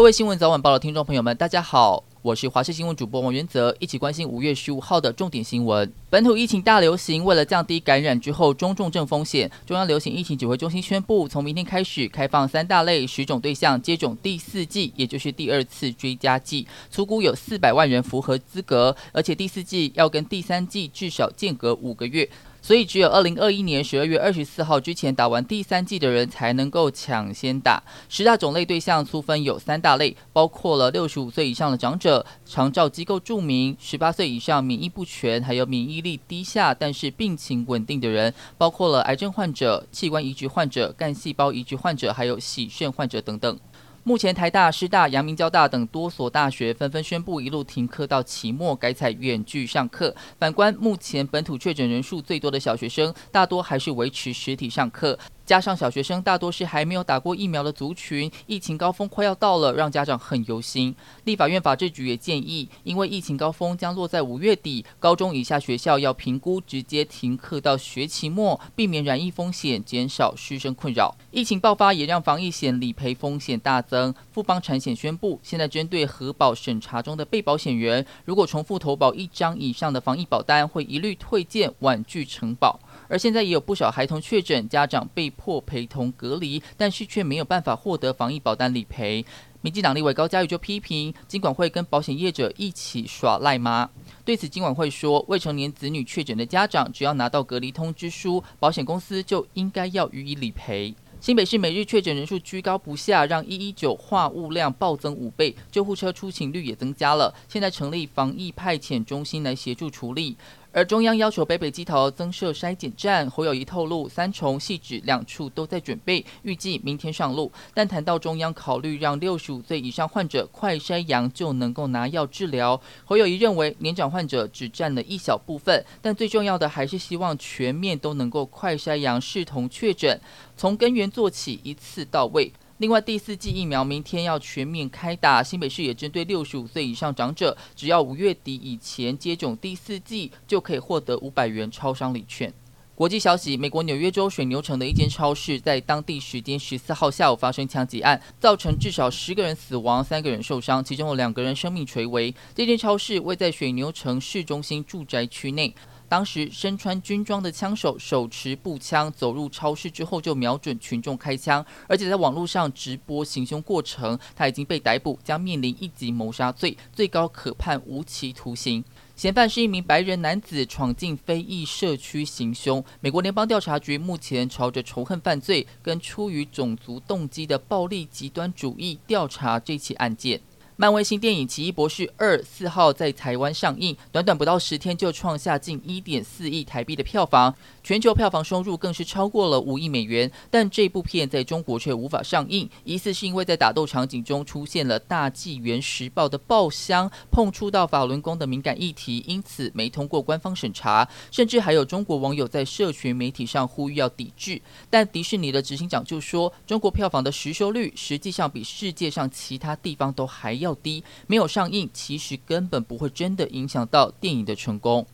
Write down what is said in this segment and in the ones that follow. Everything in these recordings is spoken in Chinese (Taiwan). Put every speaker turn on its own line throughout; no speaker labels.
各位新聞早晚報的聽眾朋友們，大家好，我是華視新聞主播王元澤，一起關心五月十五號的重點新聞。本土疫情大流行，為了降低感染之後中重症風險，中央流行疫情指揮中心宣布，從明天開始開放三大類十種對象接種第四劑，也就是第二次追加劑，初估有四百萬人符合資格，而且第四劑要跟第三劑至少間隔五個月。所以，只有二零二一年十二月二十四號之前打完第三劑的人，才能夠搶先打十大種類對象。粗分有三大類，包括了六十五歲以上的長者、長照機構住民、十八歲以上免疫不全、還有免疫力低下但是病情穩定的人，包括了癌症患者、器官移植患者、幹細胞移植患者，還有洗腎患者等等。目前台大、師大、陽明、交大等多所大學紛紛宣布一路停課到期末改採遠距上課。反觀目前本土確診人數最多的小學生，大多還是維持實體上課。加上小學生大多是還沒有打過疫苗的族群，疫情高峰快要到了，讓家長很憂心。立法院法制局也建議，因為疫情高峰將落在五月底，高中以下學校要評估直接停課到學期末，避免染疫風險，減少師生困擾。疫情爆發也讓防疫險理賠風險大增，富邦產險宣布，現在針對核保審查中的被保險人，如果重複投保一張以上的防疫保單，會一律退件婉拒承保。而現在也有不少孩童確診，家長被迫陪同隔離，但是卻沒有辦法獲得防疫保單理賠。民進黨立委高嘉瑜就批評，金管會跟保險業者一起耍賴嗎？對此，金管會說，未成年子女確診的家長只要拿到隔離通知書，保險公司就應該要予以理賠。新北市每日確診人數居高不下，讓一一九話務量暴增五倍，救護車出勤率也增加了。現在成立防疫派遣中心來協助處理。而中央要求北北基桃增設篩檢站，侯友宜透露三重、汐止兩處都在準備，預計明天上路。但談到中央考慮讓六十五歲以上患者快篩陽就能夠拿藥治療，侯友宜認為年長患者只佔了一小部分，但最重要的還是希望全面都能夠快篩陽，視同確診，從根源做起，一次到位。另外，第四劑疫苗明天要全面開打，新北市也針對六十五歲以上長者，只要五月底以前接種第四劑，就可以獲得五百元超商禮券。國際消息，美國紐約州水牛城的一間超市，在當地時間十四號下午發生槍擊案，造成至少十個人死亡，三個人受傷，其中有兩個人生命垂危。這間超市位在水牛城市中心住宅區內。當時身穿軍裝的槍手手持步槍走入超市之後，就瞄準群眾開槍，而且在網絡上直播行兇過程。他已經被逮捕，將面臨一級謀殺罪，最高可判無期徒刑。嫌犯是一名白人男子，闖進非裔社區行兇。美國聯邦調查局目前朝着仇恨犯罪跟出於種族動機的暴力極端主義調查這起案件。漫威新電影《奇異博士二》四號在台灣上映，短短不到十天就創下近一點四億台幣的票房，全球票房收入更是超過了五億美元。但這部片在中國卻無法上映，疑似是因為在打鬥場景中出現了大紀元時報的報箱，碰觸到法輪功的敏感議題，因此沒通過官方審查。甚至還有中國網友在社群媒體上呼籲要抵制。但迪士尼的執行長就說，中國票房的實收率實際上比世界上其他地方都還要低沒有上映，其實根本不會真的影響到電影的成功。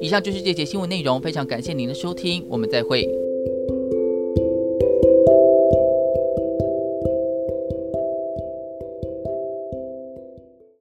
以上就是這節新聞內容，非常感謝您的收聽，我們再會。